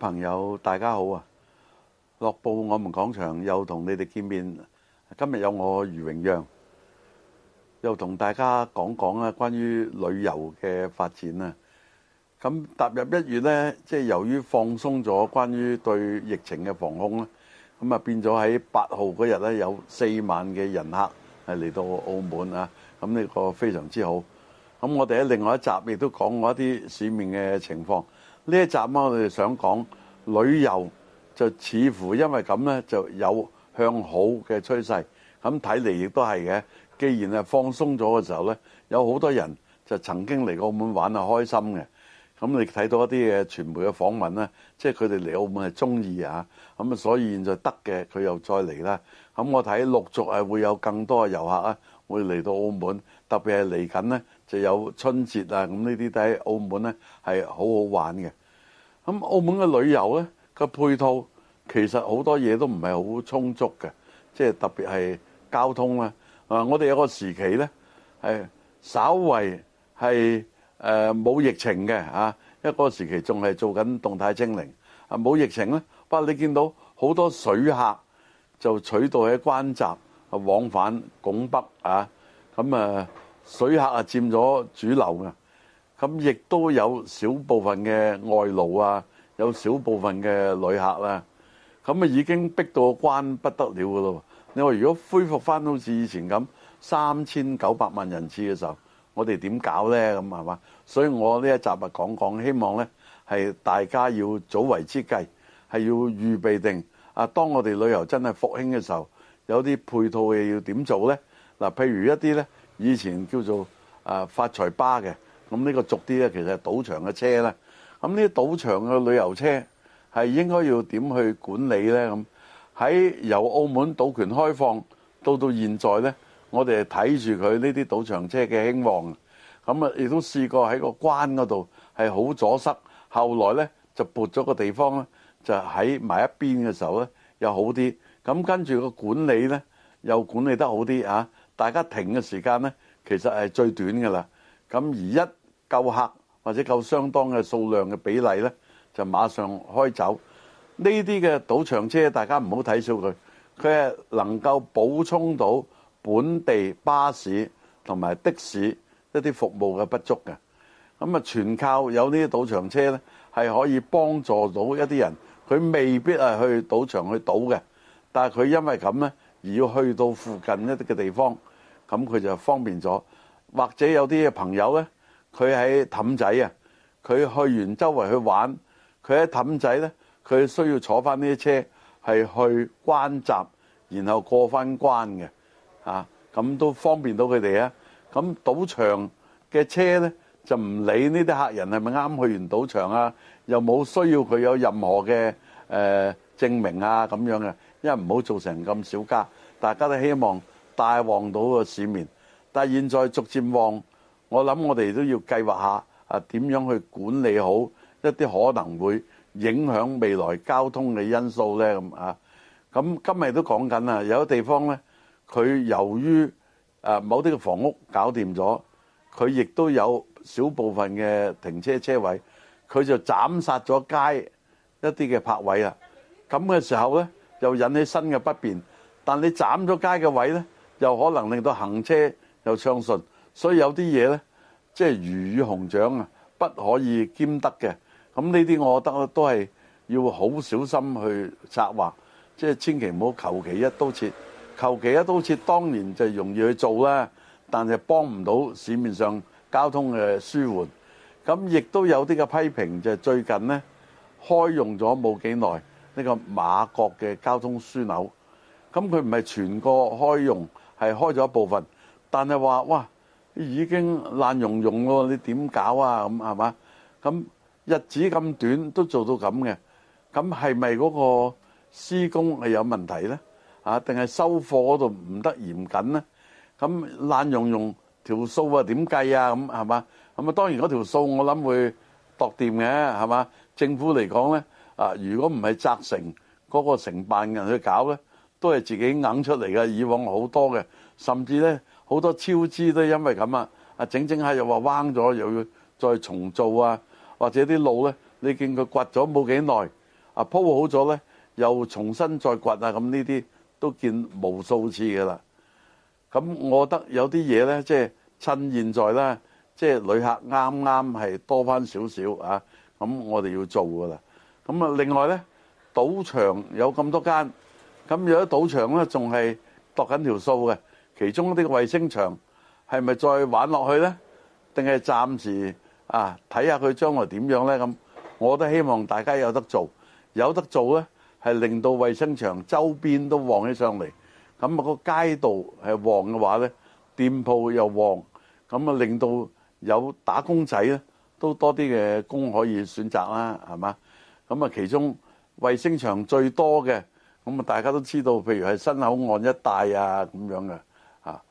朋友，大家好啊！樂報，我們講場又同你哋見面，今日有我余榮讓，又同大家講講啊，關於旅遊嘅發展啊。咁踏入一月咧，即係由於放鬆咗關於對疫情嘅防控啦，咁啊變咗喺八號嗰日咧有四萬嘅人客係嚟到澳門啊，咁、這、呢個非常之好。咁我哋喺另外一集亦都講過一啲市面嘅情況。呢一集咧，我哋想講旅遊就似乎因為咁呢就有向好嘅趨勢。咁睇嚟亦都係嘅。既然係放鬆咗嘅時候呢，有好多人就曾經嚟過澳門玩，係開心嘅。咁你睇到一啲嘅傳媒嘅訪問咧，即係佢哋嚟澳門係中意啊，咁啊所以現在得嘅佢又再嚟啦。咁我睇陸續係會有更多嘅遊客啊，會嚟到澳門，特別係嚟緊咧就有春節啊，咁呢啲都喺澳門咧係好好玩嘅。咁澳門嘅旅遊咧，個配套其實好多嘢都唔係好充足嘅，即係特別係交通啦啊，我哋有個時期咧係稍為係。誒、呃、冇疫情嘅嚇，一個時期仲係做緊動態清零啊！冇疫情咧，不過你見到好多水客就取道喺關閘啊往返拱北啊，咁啊水客啊佔咗主流嘅，咁亦都有少部分嘅外勞啊，有少部分嘅旅客啦，咁啊已經逼到關不得了嘅咯，你話如果恢復翻好似以前咁三千九百萬人次嘅時候。我哋點搞呢？咁係嘛？所以我呢一集啊講講，希望呢係大家要早為之計，係要預備定啊！當我哋旅遊真係復興嘅時候，有啲配套嘅要點做呢？嗱、啊，譬如一啲呢，以前叫做啊發財巴嘅，咁呢個俗啲呢，其實係賭場嘅車呢。咁呢啲賭場嘅旅遊車係應該要點去管理呢？咁喺由澳門賭權開放到到現在呢。我哋睇住佢呢啲賭場車嘅興旺，咁啊亦都試過喺個關嗰度係好阻塞，後來呢，就撥咗個地方呢就喺埋一邊嘅時候呢又好啲。咁跟住個管理呢，又管理得好啲啊！大家停嘅時間呢，其實係最短㗎啦。咁而一夠客或者夠相當嘅數量嘅比例呢，就馬上開走。呢啲嘅賭場車大家唔好睇小佢，佢係能夠補充到。本地巴士同埋的士一啲服務嘅不足嘅，咁啊，全靠有呢啲賭場車咧，係可以幫助到一啲人。佢未必係去賭場去賭嘅，但係佢因為咁咧而要去到附近一啲嘅地方，咁佢就方便咗。或者有啲嘅朋友咧，佢喺氹仔啊，佢去完周圍去玩，佢喺氹仔咧，佢需要坐翻呢啲車，係去關閘，然後過翻關嘅。啊，咁都方便到佢哋啊！咁賭場嘅車呢，就唔理呢啲客人係咪啱去完賭場啊，又冇需要佢有任何嘅誒證明啊咁樣嘅，因為唔好做成咁小家，大家都希望帶旺到個市面。但係現在逐漸旺，我諗我哋都要計劃下啊，點樣去管理好一啲可能會影響未來交通嘅因素呢？咁啊，咁今日都講緊啊，有啲地方呢。佢由於誒某啲嘅房屋搞掂咗，佢亦都有少部分嘅停車車位，佢就斬殺咗街一啲嘅泊位啦。咁嘅時候咧，又引起新嘅不便。但你斬咗街嘅位咧，又可能令到行車又暢順。所以有啲嘢咧，即係魚與熊掌啊，不可以兼得嘅。咁呢啲我覺得都係要好小心去策劃，即係千祈唔好求其一刀切。求其咧都好似當年就容易去做啦，但係幫唔到市面上交通嘅舒緩。咁亦都有啲嘅批評，就係最近呢開用咗冇幾耐呢個馬國嘅交通樞紐。咁佢唔係全個開用，係開咗一部分。但係話哇，已經爛融融咯，你點搞啊？咁係嘛？咁日子咁短都做到咁嘅，咁係咪嗰個施工係有問題呢？啊，定係收貨嗰度唔得嚴謹呢？咁爛用用條數啊，點計啊？咁係嘛？咁啊，當然嗰條數我諗會度掂嘅，係嘛？政府嚟講呢，啊，如果唔係責成嗰個承辦人去搞呢，都係自己硬出嚟嘅。以往好多嘅，甚至呢，好多超支都係因為咁啊！啊，整整下又話彎咗，又要再重做啊，或者啲路呢，你見佢掘咗冇幾耐，啊，鋪好咗呢，又重新再掘啊，咁呢啲。都見無數次嘅啦，咁我覺得有啲嘢呢，即係趁現在呢，即係旅客啱啱係多返少少啊，咁我哋要做嘅啦。咁啊，另外呢，賭場有咁多間，咁有啲賭場呢仲係度緊條數嘅，其中啲衞星場係咪再玩落去呢？定係暫時啊，睇下佢將來點樣呢？咁我都希望大家有得做，有得做呢。係令到衞星場周邊都旺起上嚟，咁啊個街道係旺嘅話呢，店鋪又旺，咁啊令到有打工仔咧都多啲嘅工可以選擇啦，係嘛？咁啊其中衞星場最多嘅，咁啊大家都知道，譬如係新口岸一帶啊，咁樣嘅嚇，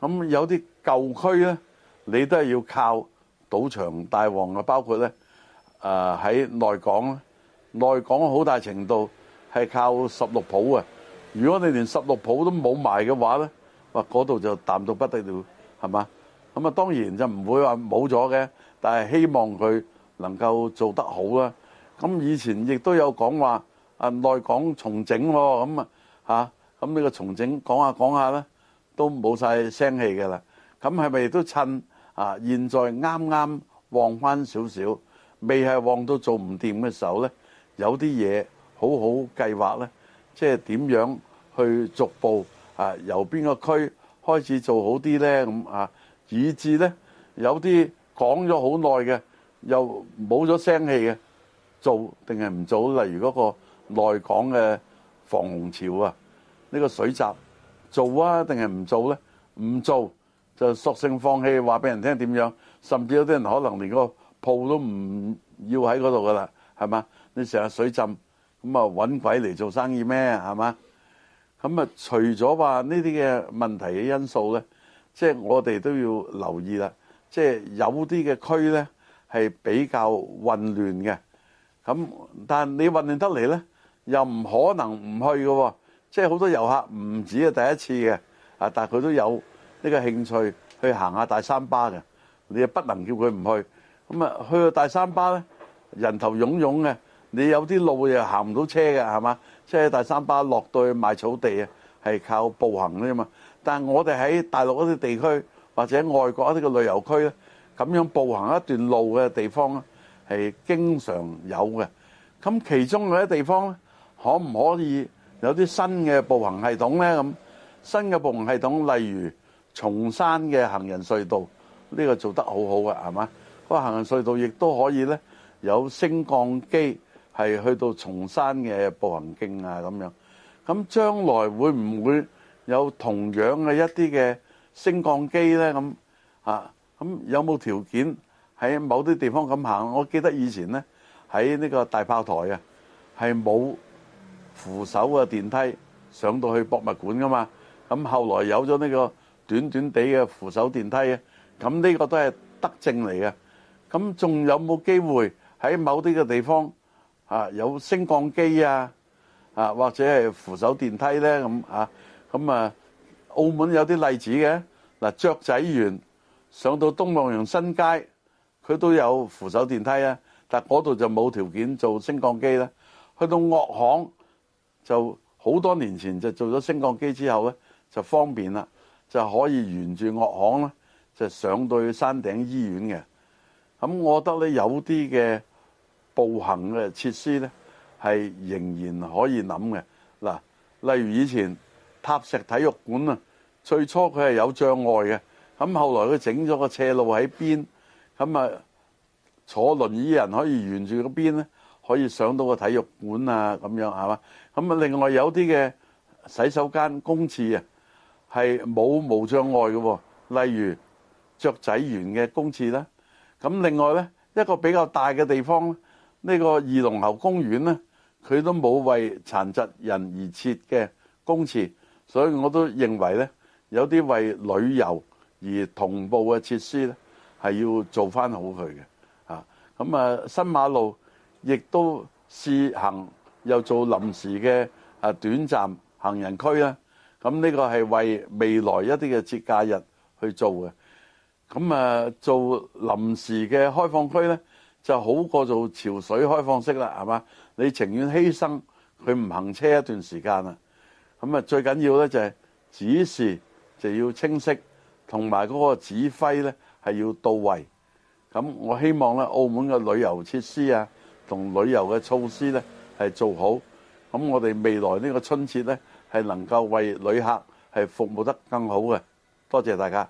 咁有啲舊區呢，你都係要靠賭場大旺嘅，包括呢啊喺內港咧，內港好大程度。係靠十六浦啊！如果你連十六浦都冇埋嘅話咧，哇嗰度就淡到不得了，係嘛咁啊？當然就唔會話冇咗嘅，但係希望佢能夠做得好啦。咁以前亦都有講話啊內港重整喎，咁啊嚇咁呢個重整講下講下呢，都冇晒聲氣㗎啦。咁係咪都趁啊現在啱啱旺翻少少，未係旺到做唔掂嘅時候呢，有啲嘢？好好計劃呢，即係點樣去逐步啊？由邊個區開始做好啲呢？咁、嗯、啊，以至呢，有啲講咗好耐嘅，又冇咗聲氣嘅，做定係唔做？例如嗰個內港嘅防洪潮啊，呢、呢個水閘做啊定係唔做呢？唔做就索性放棄，話俾人聽點樣？甚至有啲人可能連個鋪都唔要喺嗰度噶啦，係嘛？你成日水浸。咁啊，揾鬼嚟做生意咩？係嘛？咁啊，除咗話呢啲嘅問題嘅因素咧，即係我哋都要留意啦。即係有啲嘅區咧係比較混亂嘅。咁但係你混亂得嚟咧，又唔可能唔去嘅喎。即係好多遊客唔止係第一次嘅啊，但係佢都有呢個興趣去行下大三巴嘅。你又不能叫佢唔去。咁啊，去到大三巴咧，人頭湧湧嘅。你有啲路又行唔到車嘅係嘛？即係大三巴落到去賣草地啊，係靠步行咧嘛。但係我哋喺大陸嗰啲地區或者外國一啲嘅旅遊區咧，咁樣步行一段路嘅地方咧係經常有嘅。咁其中嘅一啲地方咧，可唔可以有啲新嘅步行系統咧？咁新嘅步行系統，例如松山嘅行人隧道，呢個做得好好嘅係嘛？嗰行人隧道亦都可以咧有升降機。係去到松山嘅步行徑啊，咁樣咁將來會唔會有同樣嘅一啲嘅升降機咧？咁啊，咁有冇條件喺某啲地方咁行？我記得以前咧喺呢個大炮台啊，係冇扶手嘅電梯上到去博物館噶嘛。咁後來有咗呢個短短地嘅扶手電梯啊，咁呢個都係德政嚟嘅。咁仲有冇機會喺某啲嘅地方？啊，有升降機啊，啊，或者係扶手電梯呢。咁啊，咁啊，啊，澳門有啲例子嘅嗱，雀、啊、仔園上到東望洋新街，佢都有扶手電梯啊，但嗰度就冇條件做升降機啦。去到樂巷就好多年前就做咗升降機之後呢，就方便啦，就可以沿住樂巷咧就上到去山頂醫院嘅。咁我覺得呢有啲嘅。步行嘅設施呢係仍然可以諗嘅嗱。例如以前塔石體育館啊，最初佢係有障礙嘅，咁後來佢整咗個斜路喺邊，咁啊坐輪椅人可以沿住個邊呢，可以上到個體育館啊，咁樣係嘛？咁啊，另外有啲嘅洗手間公廁啊，係冇無障礙嘅喎。例如雀仔園嘅公廁啦，咁另外呢，一個比較大嘅地方呢個二龍喉公園呢，佢都冇為殘疾人而設嘅公廁，所以我都認為呢，有啲為旅遊而同步嘅設施呢，係要做翻好佢嘅。咁啊，啊，新馬路亦都試行又做臨時嘅啊短暫行人區啦。咁呢個係為未來一啲嘅節假日去做嘅。咁啊，做臨時嘅開放區呢。就好過做潮水開放式啦，係嘛？你情願犧牲佢唔行車一段時間啊。咁啊，最緊要呢，就係指示就要清晰，同埋嗰個指揮呢係要到位。咁我希望呢，澳門嘅旅遊設施啊，同旅遊嘅措施呢係做好。咁我哋未來呢個春節呢，係能夠為旅客係服務得更好嘅。多謝大家。